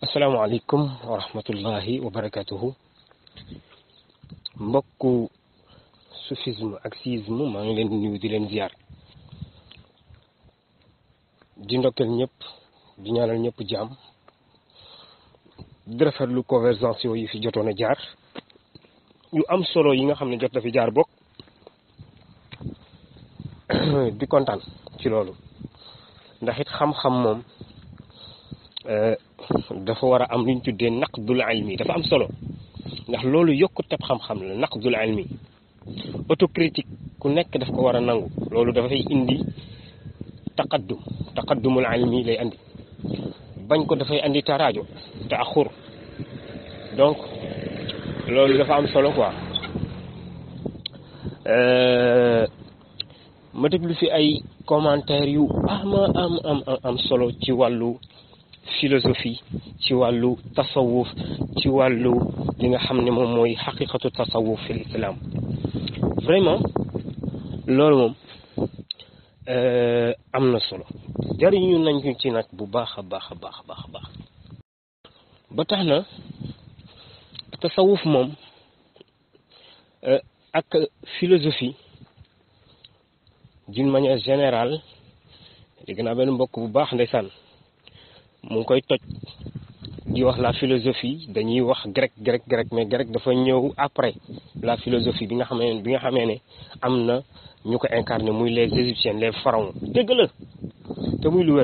asalaamaaleykum wa rahmatullahi wa barakatuhu mbokku soufisme ak siisme maa ngi leen di nuyu di leen ziar di ndokkeel ñëpp di ñaanal ñëpp jaam di rafetlu convergence yi fi jotoon a jaar yu am solo yi nga xam ne jot na fi jaar bokk di kontaan ci loolu ndaxit it xam-xam moom eh, dafa war a am lu ñu tuddee naqdul ilmi dafa am solo ndax loolu yokkuteb xam-xam la naqdul ilmi autocritique ku nekk daf ko war a nangu loolu dafa dafay indi taqaddum taqaddumul ilmi lay andi bañ ko dafay andi taraajo te axur donc loolu dafa am solo ko euh, ma déglu fi ay commentaires yu ama am am am solo ci wàllu philosophie ci wàllu tasawuf ci wàllu li nga xam ne moom mooy xaqiqatu tasawuf fi islam vraiment loolu moom euh, am na solo jariñu nañu ci nag bu baax a baax a baax a baax a baax ba tax na tasawuf moom euh, ak philosophie d'une manière générale dégg naa benn mbokk bu baax ndeysaan mu koy la philosophie grec grec grec mais grec après la philosophie bi nga incarné les égyptiens les pharaons c'est la te muy lu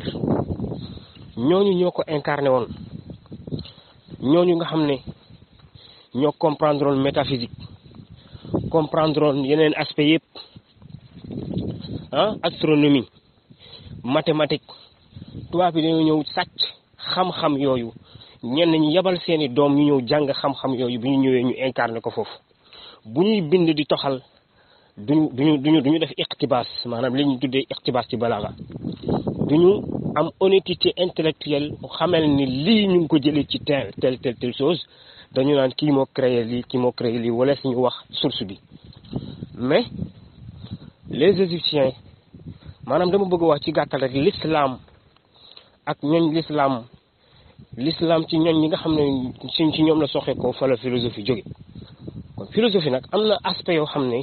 incarné comprendre métaphysique comprendre aspect ah, astronomie mathématique waa bi dañoo ñëw sàcc xam-xam yooyu ñenn ñi yebal seeni doom ñu ñëw jàng xam-xam yooyu bi ñu ñëwee ñu incarné ko foofu bu ñuy bind di toxal duñu ñu duñu duñu def iqtibaas maanaam li ñu tuddee iqtibaas ci balaaga duñu am honnêteté intellectuelle xamel ni lii ñu ngi ko jëlee ci tel tel tel telle dañu naan kii moo créé lii kii moo créé lii wala ñu wax source bi mais les égyptiens maanaam dama bëgg wax ci gàttal rek l'islam ak ñooñ lislaam lislaam ci ñooñ ñi nga xam ne ci ci ñoom la soxee ko fa la philosophie jóge kon philosophie nag am na aspect yoo xam ne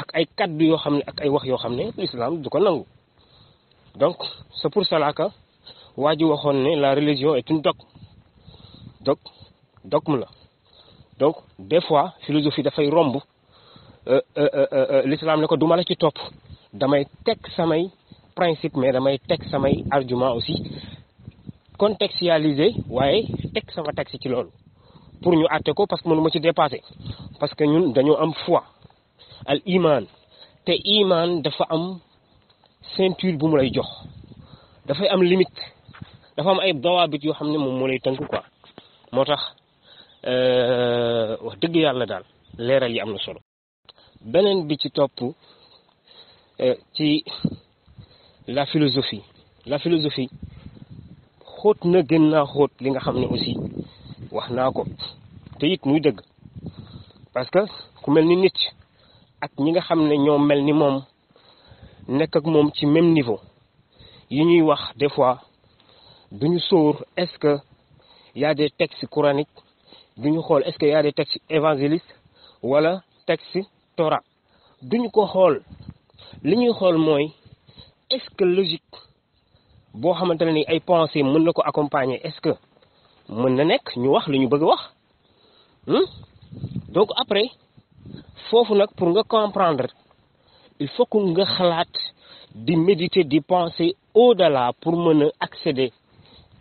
ak ay kaddu yoo xam ne ak ay wax yoo xam ne lislaam du ko nangu donc c'est pour cela que waa ji waxoon ne la religion est une dogme dog dogme la donc des fois philosophie dafay romb euh, euh, euh, l'islam ne ko duma la ci topp damay teg samay principe mais damay teg samay argument aussi contextualiser waaye teg sama texte ci loolu pour ñu àtte ko parce que mënu ma ci dépassé parce que ñun dañoo am foi al iman te iman dafa am ceinture bu mu lay jox dafay am limite dafa am ay dawaabit yoo xam ne moom moo lay tënk quoi moo tax euh, wax dëgg yàlla daal leeral yi am na solo beneen bi ci topp euh, ci la philosophie la philosophie xóot na gën naa aussi wax naa te parce que ku ni ak ñi nga ñoo même niveau yi wax des fois duñu sóor est-ce que y a des textes coraniques duñu est-ce que y a des textes évangélistes wala textes Torah duñu ko est-ce que logique bo xamante ni ay pensées mën nako accompagner est-ce que mën na nek ñu wax lu ñu bëgg wax hmm? donc après fofu nak pour nga comprendre il faut que nga xalaat di méditer di penser au-delà pour mën accéder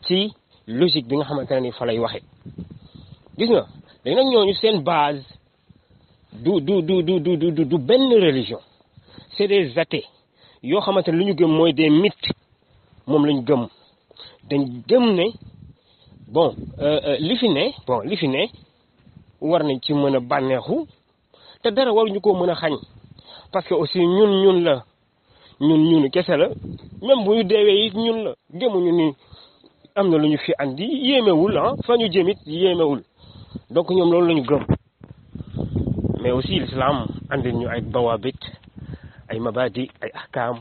ci logique bi nga xamante ne ni fa lay waxee gis nga ñooñu seen base du du du du du du du ben religion c'est des athées yoo xamante ne lu ñu gëm mooy des mythes moom la gëm dañ gëm ne bon euh, euh, li fi ne bon li fi ne war nañ ci mën a bànneexu te dara waruñu ko mën a xañ parce que aussi ñun ñun la ñun ñunu kese la même bu ñu deewee it ñun la gëmuñu ni am na lu ñu fi andi yéemewul ah fa ñu jëm yéemewul donc ñoom loolu la ñu gëm mais aussi l'islam andil ñu ay bawaabit ay mabadi ay ahkaam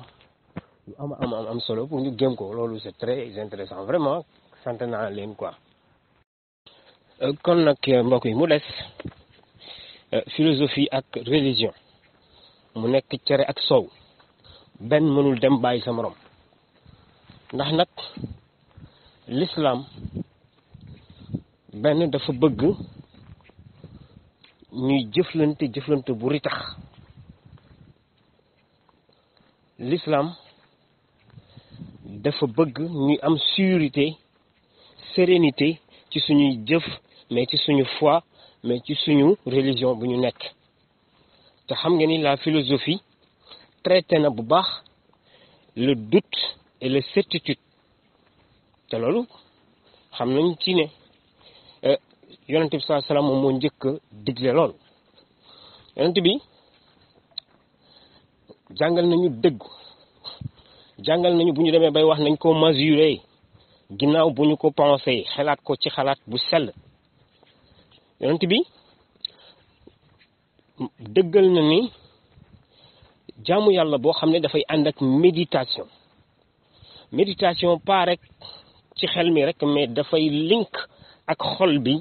yu am am am solo pour ñu gëm ko loolu c'est très intéressant vraiment sant naa leen quoi euh, kon nag euh, mbokk yi mu des euh, philosophie ak religion mu nekk cere ak soow benn mënul dem bàyyi sa moroom ndax nag l'islam benn dafa bëgg ñuy jëflante jëflante bu ritax l'islam dafa bëgg ñu am suurité sérénité ci suñuy jëf mais ci suñu foi mais ci suñu religion bu ñu nekk te xam nga ni la philosophie traité na bu baax le doute et la certitude te loolu xam nañ ci ne euh, yonent bi saa salaam moom moo njëkk digle lool yonent bi jàngal nañu dëggu jàngal nañu bu ñu demee bay wax nañ koo mesurer ginnaaw bu ñu ko pensé xalaat ko ci xalaat bu sell yonent bi dëggal na ni jaamu yàlla boo xam ne dafay ànd ak méditation méditation pas ci xel mi rek mais dafay link ak xol bi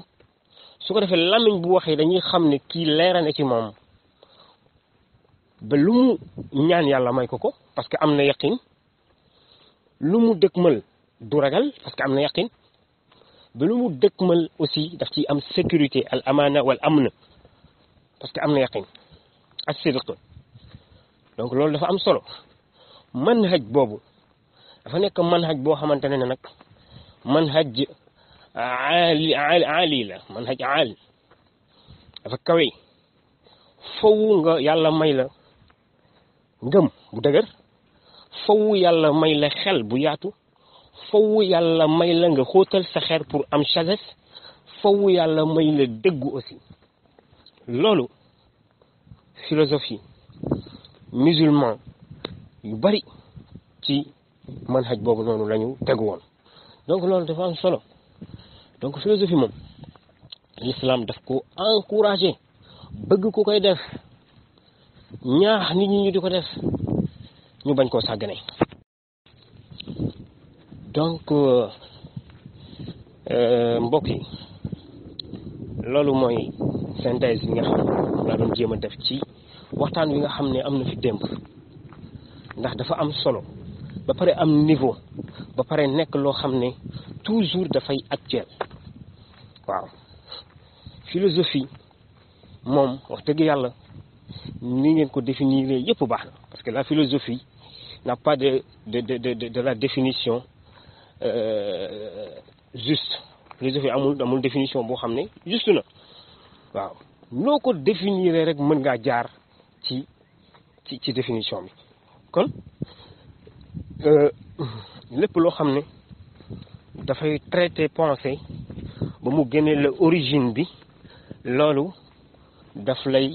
su ko defee làmmiñ bu waxee dañuy xam ne kii leera na ci moom ba lu mu ñaan yàlla may ko ko parce que am na yaqin lu mu dëkk dëkkmal du ragal parce que am na yaqin ba lu mu dëkkmal aussi daf ci am sécurité al walla am na parce que am na yaqin ak sidq donc loolu dafa am solo manhaj boobu dafa nekk manhaj boo xamante ne nag manhaj aali aali la manhaj aali dafa kawe foofu nga yàlla may la ngëm bu dëgër faw yàlla may la xel bu yaatu faw yàlla may la nga xóotal sa xeer pour am sagesse faw yàlla may la dëggu aussi loolu philosophie musulman yu bari ci manhaj boobu noonu lañu tegu woon donc loolu dafa am solo donc philosophie moom l'islam daf ko encouragé bëgg ku koy def ñaax nit ñi ñu di ko def ñu bañ koo sàggane donc euh, euh, mbokk yi loolu mooy synthèse bi nga xam laa doon jéem a def ci waxtaan wi nga xam ne am na fi démb ndax dafa am solo ba pare am niveau ba pare nekk loo xam ne toujours dafay actuel waaw philosophie moom wax dëgg yàlla ni ngeen ko définir yëpp baax na parce la philosophie n'a pas de de de de de la définition euh, juste philosophie amul amul définition boo xam ne juste na waaw loo ko définir rek mën ngaa jaar ci ci ci définition bi kon euh, lépp loo xam ne dafay traité pensée ba mu génne la origine bi loolu daf lay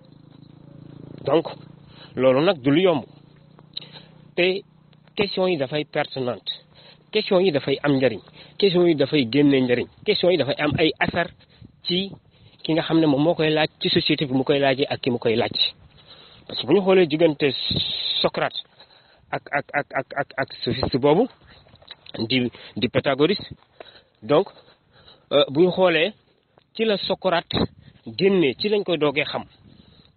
donc loolu nag du lu yomb te question yi dafay pertinente question yi dafay am njëriñ question yi dafay génne njëriñ question yi dafay am ay asar ci ki nga xam ne moom moo koy laaj ci société bi mu koy laajee ak ki mu koy laaj parce que bu ñu xoolee diggante Socrate ak ak ak ak ak ak sophiste boobu di di Pythagore donc euh, bu ñu xoolee ci la Socrate génnee ci lañ koy doogee xam.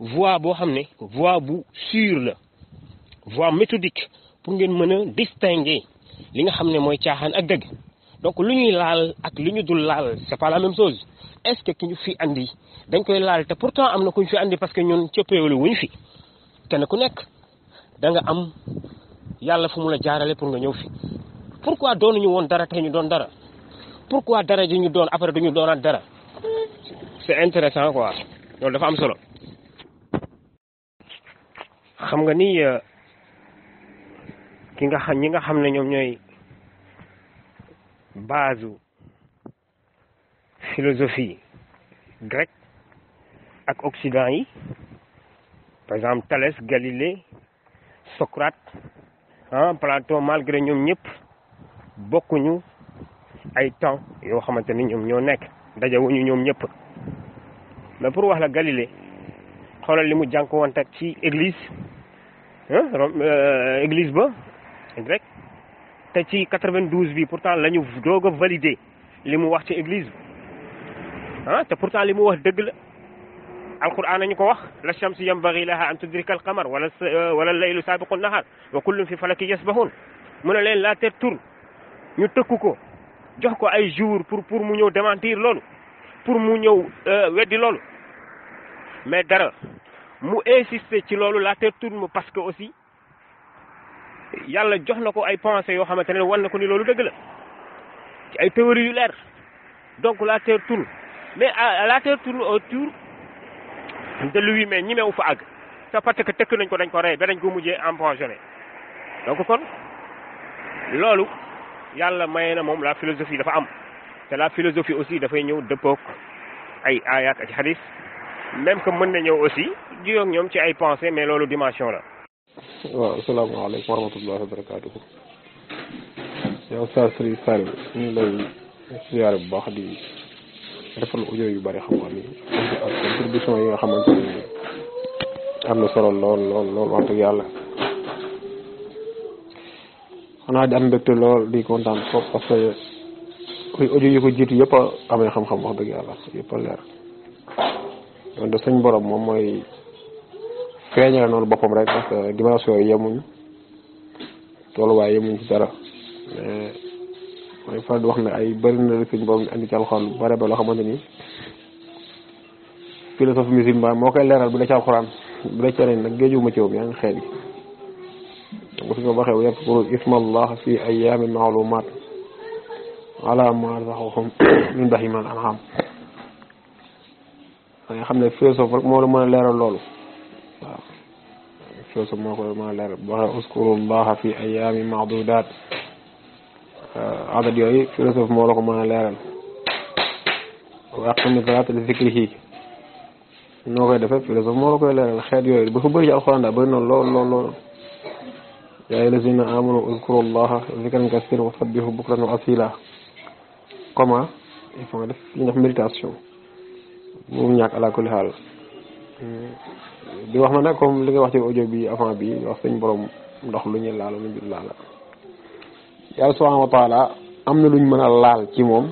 voie boo xam ne bu sûre la voie méthodique pour ngeen mën distinguer li nga xamné moy tiaxan ak dëgg donc luñuy laal ak luñu dul laal c'est pas la même chose est-ce que ki fi andi dañ koy laal te pourtant amna na fi andi parce que ñun cëppeewul wuñ fi kenn ku nekk da nga am yalla fu mu la jaarale pour nga ñëw fi pourquoi doonu ñu won dara té ñu doon dara pourquoi dara ji ñu doon après duñu doonaat dara c'est intéressant quoi loolu dafa am solo xam nga ni euh, ki nga xam ñi nga xam ne ñoom ñooy base philosophie grecque ak occident yi par exemple Thalès Galilée Socrate ah Platon malgré ñoom ñëpp bokkuñu ay temps yoo xamante ni ñoom ñoo nekk dajawuñu ñoom ñëpp mais pour wax la Galilée xoolal li mu jànkuwante ak ci église Hein, euh, église ba rek te ci 92 bi pourtant lañu doga valider limu wax ci église bi hein, ah pourtant limu wax deug la alquran nañu ko wax la shamsu yanbaghi laha an tudrika alqamar qamar wala euh, wala laylu sabiqu nahar wa kullun fi falaki yasbahun mu ne leen la terre tourne ñu tëkku ko jox ko ay jour pour pour mu ñëw démentir loolu pour mu ñëw euh, weddi loolu mais dara mu insister ci lolu la terre tourne parce que aussi yalla jox na ay pensées yo xamantene ne wan ni lolu deug la ci ay théories yu leer donc la terre tourne mais la terre tourne autour de lui mais ñi meew fa ag te parce que tëkk nañ ko dañ ko rey ba dañ ko mujjee empoisonné donc kon lolu yalla mayena mom la philosophie dafa am té la philosophie aussi fay ñew dëppook ay ayat ak hadith même que mën na ñëw aussi juyoo ak ñoom ci ay pensées mais loolu dimension la. waaw asalaamaaleykum wa rahmatullahi wa barakaatu. yow Oustaz Serigne Saliou ñu lay ziare bu baax di defal audio yu bëri xam-xam yi xamante am na solo lool lool lool wax dëgg yàlla. naa di am mbégte lool di kontaan trop parce que audio yu ko jiitu yëpp a amee xam-xam wax dëgg yàlla yëpp a leer. loolu de suñ borom moom mooy feeñale noonu boppam rek parce que dimension yi yemuñ tolluwaay yemuñ ci dara mais mooy faral wax na ay bëri na suñ borom indi ci alxuraan bare ba loo xamante ni philosophie musulman moo koy leeral bu dee ci alxuraan bu dee ci yeneen nag géejuma ci woon yaa ngi xeet yi donc suñ ko waxee wa isma allah fi ayaamin maalumaat ala ma razaqahum min bahimatil an'aam da nga xam ne philosophe rek moo la mën a leeral loolu waaw philosophe moo ko mën a leeral boo xam ne uskurullaha fi ayaami maadudat adat yooyu philosophe moo la ko mën a leeral wa aqimi salaata li zikrihi noo koy defee philosophe moo la koy leeral xeet yooyu dafa bëri ci alxuraan daa bëri na lool lool lool يا أيها الذين آمنوا اذكروا الله ذكرا كثيرا وسبحوا بكرة وأصيلا كما يفعل في مديتاسيون moom ñàkk ala kulli xaal di wax ma nag comme li nga wax ci audio bi avant bi wax suñ boroom ndox lu ñuy laal lu ñu laal yàlla subhanahu wa taala am na luñ mën a laal ci moom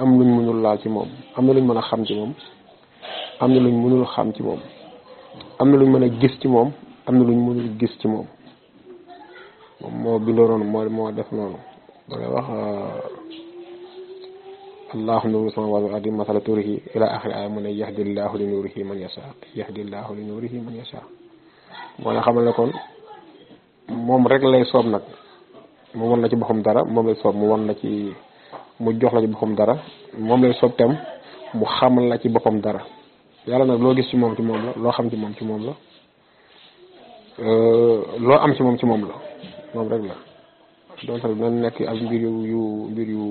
am luñ mënul laal ci moom am na luñ mën a xam ci moom am na luñ mënul xam ci moom am na luñ mën a gis ci moom am na luñ mënul gis ci moom moom moo bindoo noonu moo moo def noonu da wax الله نور السماوات والأرض مثل توره إلى آخر آية من يهدي الله لنوره من يشاء يهدي الله لنوره من يشاء وأنا خمل لكم موم رك لاي صوب نك مو وون لا سي بخم دارا موم لاي صوب مو وون لا سي مو جوخ لا سي بخم دارا موم لاي صوب تام مو خمل لا سي بخم دارا يالا نك لو گيس سي موم تي موم لا لو خم تي موم تي موم لا ا لو ام سي موم تي موم لا موم رك لا دونك نان نك اب مبير يو مبير يو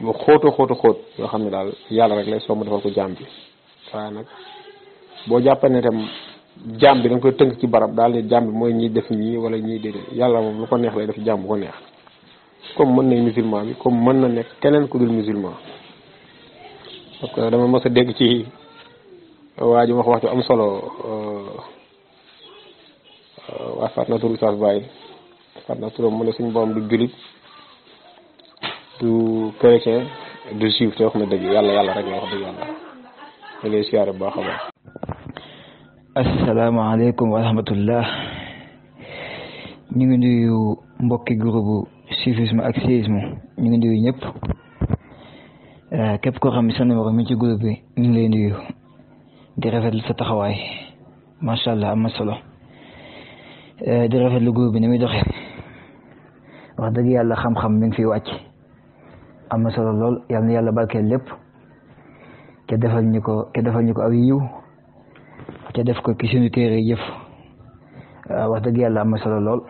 mu xóoto xóoto xóot yoo xam ne daal yàlla rek lay soo mu defal ko jaam bi waaye nag boo jàppee ne tam jaam bi da koy tënk ci barab daal ne jaam mooy ñiy def ñii wala ñii déedéet yàlla moom lu ko neex lay def jaam bu ko neex comme mën nañ musulman bi comme mën na nekk keneen ku dul musulman parce que dama mës a dégg ci waa ji wax wax ju am solo euh, euh, waaye fàtt na turu saas bàyyi fàtt na turam mu ne suñu borom du jullit du chrétien du juif te wax na dëgg yàlla yàlla rek la wax dëgg yàlla ñu ngi siyaare bu baax a baax. ñu ngi nuyu mbokki groupe suifisme ak ñu ngi nuyu ñëpp euh, képp koo xam ne sa numéro mi ci groupe bi ñu ngi lay nuyu di rafetlu sa taxawaay macha allah euh, di rafetlu groupe bi ni muy doxee dëgg yàlla xam-xam mi ngi fiy wàcc. amna solo lol yalla na yàlla barkeel lépp ke defal ñuko ke defal ñuko ko aw yiw ke def ko ki suñu téré yëf wax deug yàlla amna na solo lool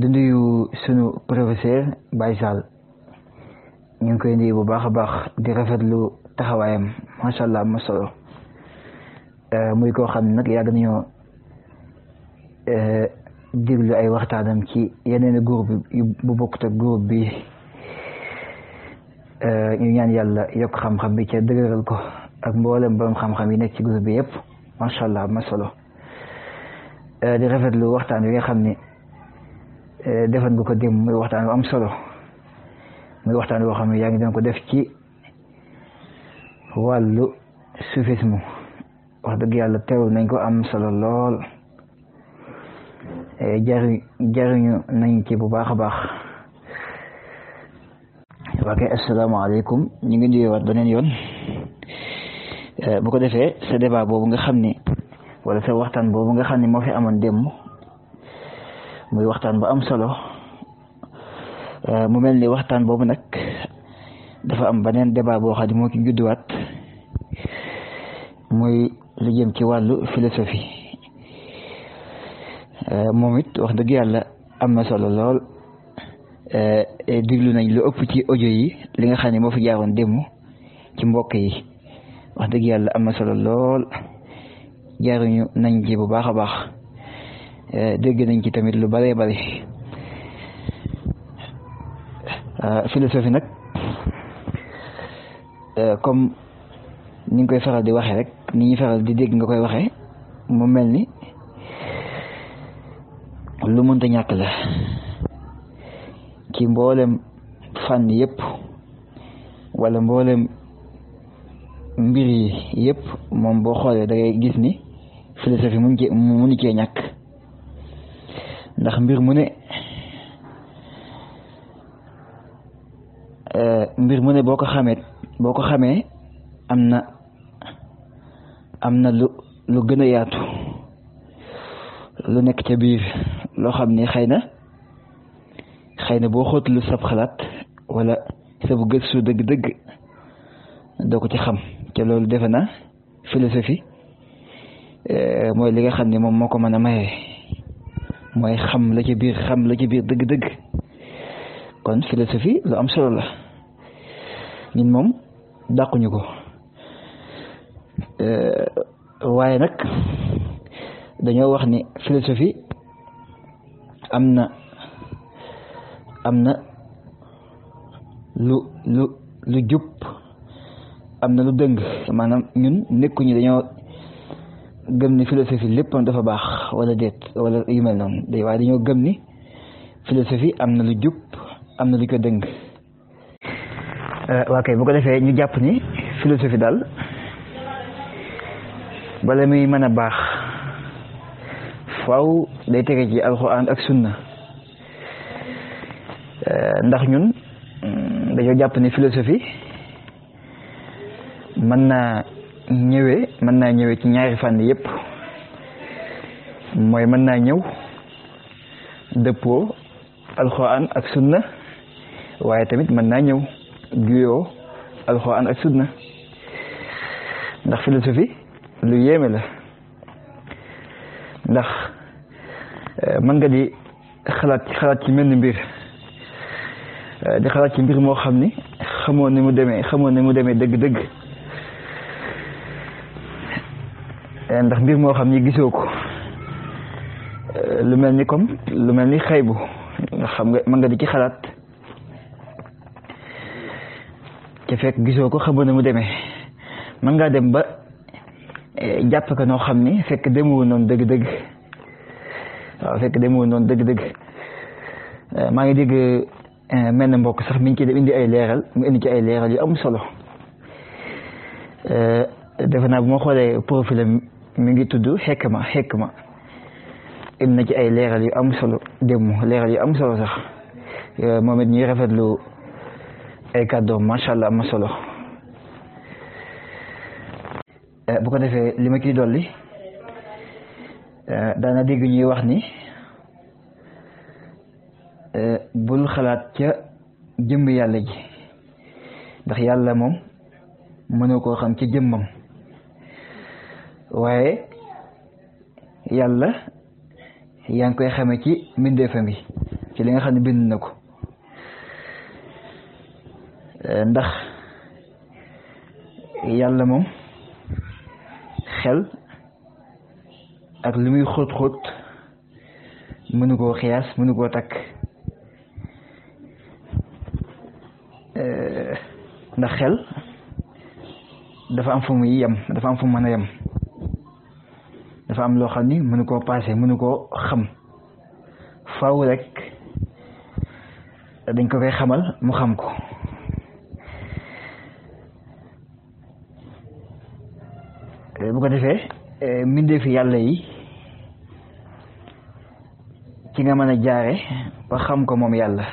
di nuyu sunu professeur baysal ñu koy nuyu bu baaxa baax di rafetlu taxawaayam macha allah am na solo muy ko xamni nak yag nañu euh diglu ay waxtaanam ci yeneen groupe yu bu bokkut ak groupe bi. ñu ñaan yàlla yokk xam-xam bi ca dëgëral ko ak mboolem borom xam-xam yi nekk ci groupe bi yëpp macha allah am na solo di rafetlu waxtaan wi nga xam ni defan nga ko dem muy waxtaan wu am solo muy waxtaan woo xam ne yaa ngi doon ko def ci wàllu soufisme wax dëgg yàlla teewul nañ ko am solo lool jariñu nañ ci bu baax a baax. ok asalaamaaleykum ñu ngi nuyuwaat beneen yoon eh, bu ko defee sa débat boobu nga xam ni wala sa waxtaan boobu nga xam ni moo fi amoon démb mooy waxtaan bu am solo eh, mu mel ni waxtaan boobu nag dafa am beneen débat boo xam moo ci judduwaat muy lu jëm ci wàllu philosophie eh, moom it wax dëgg yàlla am na solo lool. Eh, eh, diglu nañ lu ëpp ci audio yi li nga xam ne moo fi jaaroon démb ci mbokk yi wax dëgg yàlla am na solo lool jaaruñu nañ ci bu baax a baax eh, dégg nañ ci tamit lu bare bare philosophie nag comme ni nga koy feral di waxee rek ni ñuy faral di dégg nga koy waxe mu mel ni lu mënta ñàkk la ci mboolem fànn yépp wala mboolem mbir yi yépp moom boo xoolee da gis ni philosophie mu ngi munu cee ñàkk ndax mbir mu ne euh, mbir mu ne boo ko xamee boo ko xamee am na am na lu lu gën a yaatu lu nekk ca biir loo xam ni xëy na xëy ne boo xóotul sab xalaat wala sabu gëstu dëgg-dëgg doo ko ci xam te loolu defe na philosophie eh, mooy li nga xam ne moom moo ko mën a maye mooy xam la ci biir xam la ci biir dëgg-dëgg kon philosophie lu am solo la moom dàquñu ko eh, waaye nag dañoo wax ni philosophie am na am na lu lu lu jub am na lu dëng maanaam ñun nekkuñu dañoo gëm ni philosophie léppam dafa baax wala déet wala yu mel noonu day waaye dañoo gëm ni philosophie am na lu jub am na lu ko dëng euh, waa kay bu ko defee ñu jàpp ni philosophie daal bala muy mën a baax faaw day tege ci alxuraan ak sunna Euh, ndax ñun mm, dañoo jàpp ni philosophie mën naa ñëwee mën naa ñëwee ci ñaari fànn yépp mooy mën naa ñëw dëppo alxuraan ak sunna waaye tamit mën naa ñëw juyoo alxuraan ak sunna ndax philosophie lu yéeme la ndax euh, mën nga di xalaat xalaat ci mel ni mbir Euh, di xalaat ci mbir moo xam ni xamoon ni mu demee xamoon ni mu demee dëgg-dëgg euh, ndax mbir moo xam ni gisoo ko euh, lu mel ni kom lu mel ni xaybu nga xam nga mën nga di ci xalaat ca fekk gisoo ko xamoon ni mu deme mën ngaa dem ba jàpp ko noo xam ni fekk demewul noonu dëgg-dëgg waaw fekk demewul noonu dëgg-dëgg maa ngi dégg Eh, mel na mbokk sax mi ngi ciy indi ay leeral mu indi ci ay leeral yu am solo eh, defe naa bu ma xoolee profil mi ngi tudd xekma ma indi na ci ay leeral yu am solo démb leeral yu am solo sax eh, moom it ñuy rafetlu ay kàddoom macha allah am solo bu ko defee li ma ciy dolli daana dégg ñuy wax ni. xalaat ca jëmm yàlla ji ndax yàlla moom mënoo koo xam ca jëmmam waaye yàlla yaa ngi koy xame ci mbindeefam yi ci li nga xam ne bind na ko ndax yàlla moom xel ak li muy xóot xóot koo xiyaas mënu koo takk ndax xel dafa am fu muy yem dafa am fu mën a yem dafa am loo xam ni mënu koo paase mënu koo xam faaw rek dañ ko koy xamal mu xam ko eh, bu ko defee eh, mbindee fi yàlla yi ci nga mën a jaare ba xam ko moom yàlla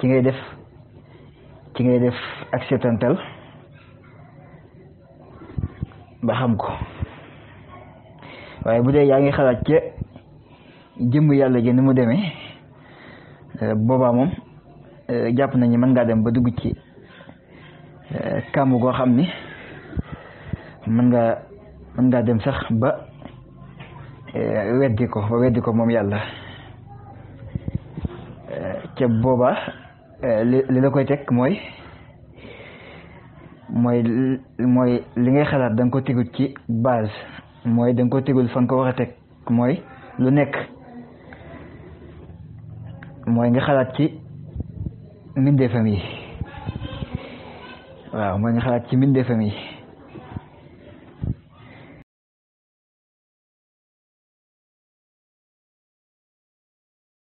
ci ngay def ci ngay def ak ba xam ko waaye bu dee yaa ngi xalaat ca jëmm yàlla ji ni mu demee eh, boobaa moom eh, jàpp nañu mën ngaa dem ba dugg ci eh, kàmm goo xam ni mën ngaa mën ngaa dem sax ba weddi ko ba weddi ko moom yàlla ca boobaa Euh, li la koy teg mooy mooy li ngay xalaat danga ko tegul ci base mooy da nga ko tegul fa ko war a teg mooy lu nekk mooy nga xalaat ci mbindeefam yi waaw mooy nga xalaat ci mbindeefam yi